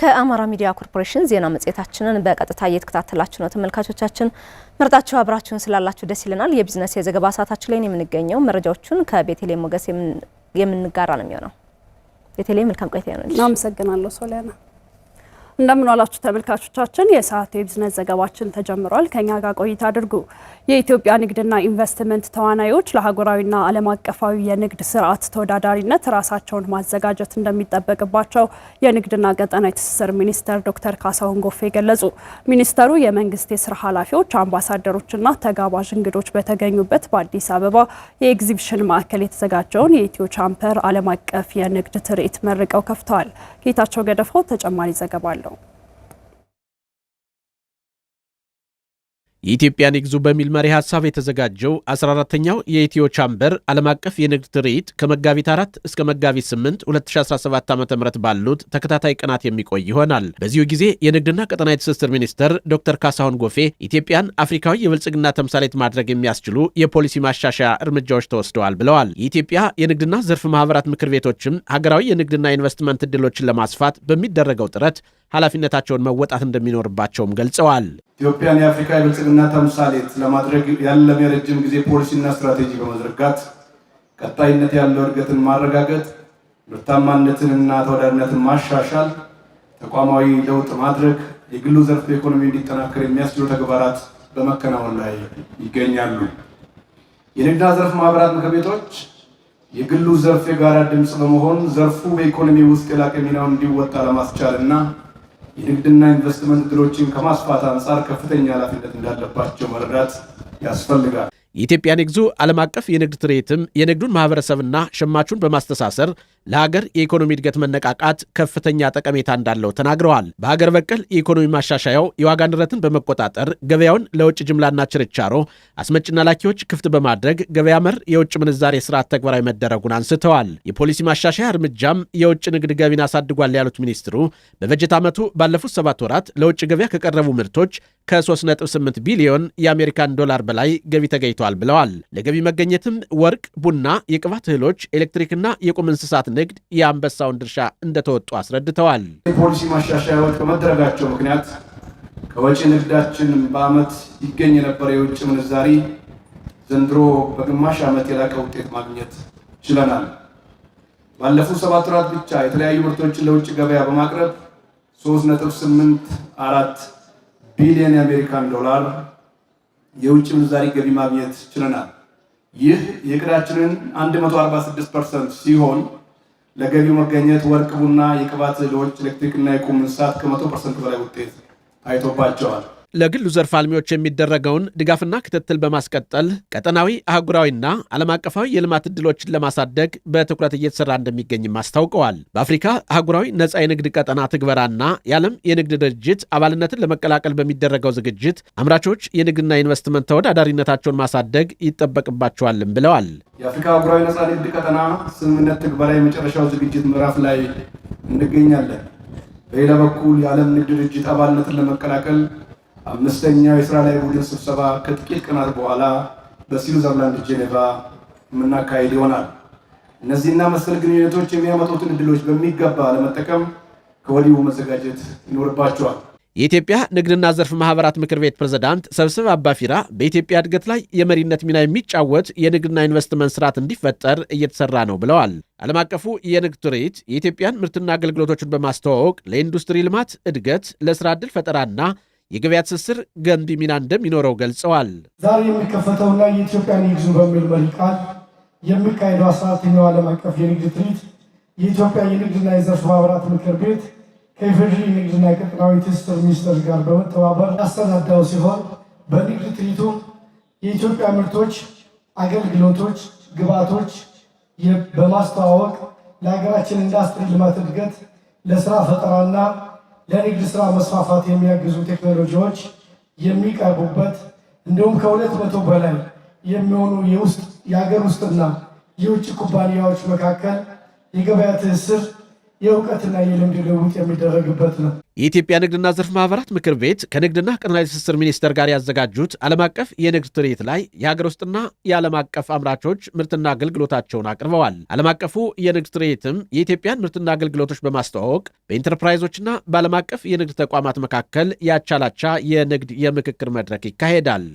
ከአማራ ሚዲያ ኮርፖሬሽን ዜና መጽሔታችንን በቀጥታ እየተከታተላችሁ ነው ተመልካቾቻችን። ምርጣችሁ አብራችሁን ስላላችሁ ደስ ይለናል። የቢዝነስ የዘገባ ሰዓታችን ላይ ነው የምንገኘው መረጃዎቹን ከቤቴሌ ሞገስ የምንጋራ ነው የሚሆነው። ቤተልሔም መልካም ቆይታ ይሆንልሽ። አመሰግናለሁ ሶሊያና። እንደምንዋላችሁ ተመልካቾቻችን፣ የሰዓቱ የቢዝነስ ዘገባችን ተጀምሯል። ከኛ ጋር ቆይታ አድርጉ። የኢትዮጵያ ንግድና ኢንቨስትመንት ተዋናዮች ለሀገራዊና ዓለም አቀፋዊ የንግድ ስርዓት ተወዳዳሪነት ራሳቸውን ማዘጋጀት እንደሚጠበቅባቸው የንግድና ቀጣናዊ ትስስር ሚኒስተር ዶክተር ካሳሁን ጎፌ ገለጹ። ሚኒስተሩ የመንግስት የስራ ኃላፊዎች፣ አምባሳደሮችና ተጋባዥ እንግዶች በተገኙበት በአዲስ አበባ የኤግዚቢሽን ማዕከል የተዘጋጀውን የኢትዮ ቻምፐር ዓለም አቀፍ የንግድ ትርኢት መርቀው ከፍተዋል። ጌታቸው ገደፈው ተጨማሪ ዘገባ አለው። የነበረው። የኢትዮጵያን ንግዙ በሚል መሪ ሀሳብ የተዘጋጀው 14ተኛው የኢትዮ ቻምበር ዓለም አቀፍ የንግድ ትርኢት ከመጋቢት 4 እስከ መጋቢት 8 2017 ዓ ም ባሉት ተከታታይ ቀናት የሚቆይ ይሆናል። በዚሁ ጊዜ የንግድና ቀጠና ትስስር ሚኒስትር ዶክተር ካሳሁን ጎፌ ኢትዮጵያን አፍሪካዊ የብልጽግና ተምሳሌት ማድረግ የሚያስችሉ የፖሊሲ ማሻሻያ እርምጃዎች ተወስደዋል ብለዋል። የኢትዮጵያ የንግድና ዘርፍ ማህበራት ምክር ቤቶችም ሀገራዊ የንግድና ኢንቨስትመንት ዕድሎችን ለማስፋት በሚደረገው ጥረት ኃላፊነታቸውን መወጣት እንደሚኖርባቸውም ገልጸዋል። ኢትዮጵያን የአፍሪካ የብልጽግና ተምሳሌት ለማድረግ ያለም የረጅም ጊዜ ፖሊሲና ስትራቴጂ በመዘርጋት ቀጣይነት ያለው እድገትን ማረጋገጥ፣ ምርታማነትንና ተወዳድነትን ማሻሻል፣ ተቋማዊ ለውጥ ማድረግ፣ የግሉ ዘርፍ ኢኮኖሚ እንዲጠናከር የሚያስችሉ ተግባራት በመከናወን ላይ ይገኛሉ። የንግድና ዘርፍ ማህበራት ምክር ቤቶች የግሉ ዘርፍ የጋራ ድምፅ በመሆን ዘርፉ በኢኮኖሚ ውስጥ የላቀ ሚናውን እንዲወጣ ለማስቻል እና የንግድና ኢንቨስትመንት እድሎችን ከማስፋት አንጻር ከፍተኛ ኃላፊነት እንዳለባቸው መረዳት ያስፈልጋል። የኢትዮጵያ ንግዙ ዓለም አቀፍ የንግድ ትርኢትም የንግዱን ማህበረሰብና ሸማቹን በማስተሳሰር ለሀገር የኢኮኖሚ እድገት መነቃቃት ከፍተኛ ጠቀሜታ እንዳለው ተናግረዋል። በሀገር በቀል የኢኮኖሚ ማሻሻያው የዋጋ ንረትን በመቆጣጠር ገበያውን ለውጭ ጅምላና ችርቻሮ አስመጭና ላኪዎች ክፍት በማድረግ ገበያ መር የውጭ ምንዛሬ ስርዓት ተግባራዊ መደረጉን አንስተዋል። የፖሊሲ ማሻሻያ እርምጃም የውጭ ንግድ ገቢን አሳድጓል ያሉት ሚኒስትሩ በበጀት ዓመቱ ባለፉት ሰባት ወራት ለውጭ ገበያ ከቀረቡ ምርቶች ከ3.8 ቢሊዮን የአሜሪካን ዶላር በላይ ገቢ ተገኝተዋል ብለዋል። ለገቢ መገኘትም ወርቅ፣ ቡና፣ የቅባት እህሎች፣ ኤሌክትሪክና የቁም እንስሳት ንግድ የአንበሳውን ድርሻ እንደተወጡ አስረድተዋል። የፖሊሲ ማሻሻያዎች በመደረጋቸው ምክንያት ከወጪ ንግዳችን በዓመት ይገኝ የነበረ የውጭ ምንዛሪ ዘንድሮ በግማሽ ዓመት የላቀ ውጤት ማግኘት ችለናል። ባለፉት ሰባት ወራት ብቻ የተለያዩ ምርቶችን ለውጭ ገበያ በማቅረብ 3.84 ቢሊዮን የአሜሪካን ዶላር የውጭ ምንዛሪ ገቢ ማግኘት ችለናል። ይህ የዕቅዳችንን 146 ፐርሰንት ሲሆን ለገቢው መገኘት ወርቅ፣ ቡና፣ የቅባት ዘዴዎች፣ ኤሌክትሪክ እና የቁም እንስሳት ከመቶ ፐርሰንት በላይ ውጤት ታይቶባቸዋል። ለግሉ ዘርፍ አልሚዎች የሚደረገውን ድጋፍና ክትትል በማስቀጠል ቀጠናዊ አህጉራዊና ዓለም አቀፋዊ የልማት ዕድሎችን ለማሳደግ በትኩረት እየተሰራ እንደሚገኝም አስታውቀዋል። በአፍሪካ አህጉራዊ ነፃ የንግድ ቀጠና ትግበራና የዓለም የንግድ ድርጅት አባልነትን ለመቀላቀል በሚደረገው ዝግጅት አምራቾች የንግድና ኢንቨስትመንት ተወዳዳሪነታቸውን ማሳደግ ይጠበቅባቸዋልም ብለዋል። የአፍሪካ አህጉራዊ ነጻ ንግድ ቀጠና ስምምነት ትግበራ የመጨረሻው ዝግጅት ምዕራፍ ላይ እንገኛለን። በሌላ በኩል የዓለም ንግድ ድርጅት አባልነትን ለመቀላቀል አምስተኛው የስራ ላይ ቡድን ስብሰባ ከጥቂት ቀናት በኋላ በስዊዘርላንድ ጄኔቫ የምናካሄድ ይሆናል። እነዚህና መሰል ግንኙነቶች የሚያመጡትን እድሎች በሚገባ ለመጠቀም ከወዲሁ መዘጋጀት ይኖርባቸዋል። የኢትዮጵያ ንግድና ዘርፍ ማህበራት ምክር ቤት ፕሬዝዳንት ሰብስብ አባፊራ በኢትዮጵያ እድገት ላይ የመሪነት ሚና የሚጫወት የንግድና ኢንቨስትመንት ስርዓት እንዲፈጠር እየተሰራ ነው ብለዋል። ዓለም አቀፉ የንግድ ትርኢት የኢትዮጵያን ምርትና አገልግሎቶችን በማስተዋወቅ ለኢንዱስትሪ ልማት እድገት፣ ለስራ ዕድል ፈጠራና የገበያ ትስስር ገንቢ ሚና እንደሚኖረው ገልጸዋል። ዛሬ የሚከፈተውና የኢትዮጵያ ንግድ በሚል መሪ ቃል የሚካሄደው አስራ አራተኛው ዓለም አቀፍ የንግድ ትርኢት የኢትዮጵያ የንግድና የዘርፍ ማህበራት ምክር ቤት ከኢፌዴሪ ንግድና ቀጠናዊ ትስስር ሚኒስቴር ጋር በመተባበር ያሰናዳው ሲሆን በንግድ ትርኢቱ የኢትዮጵያ ምርቶች፣ አገልግሎቶች፣ ግብዓቶች በማስተዋወቅ ለሀገራችን ኢንዱስትሪ ልማት እድገት ለስራ ፈጠራና ለንግድ ስራ መስፋፋት የሚያግዙ ቴክኖሎጂዎች የሚቀርቡበት እንዲሁም ከሁለት መቶ በላይ የሚሆኑ የውስጥ የሀገር ውስጥና የውጭ ኩባንያዎች መካከል የገበያ ትስስር የእውቀትና የልምድ ልውውጥ የሚደረግበት ነው። የኢትዮጵያ ንግድና ዘርፍ ማህበራት ምክር ቤት ከንግድና ቀጠናዊ ትስስር ሚኒስቴር ጋር ያዘጋጁት ዓለም አቀፍ የንግድ ትርኢት ላይ የሀገር ውስጥና የዓለም አቀፍ አምራቾች ምርትና አገልግሎታቸውን አቅርበዋል። ዓለም አቀፉ የንግድ ትርኢትም የኢትዮጵያን ምርትና አገልግሎቶች በማስተዋወቅ በኢንተርፕራይዞችና በዓለም አቀፍ የንግድ ተቋማት መካከል ያቻላቻ የንግድ የምክክር መድረክ ይካሄዳል።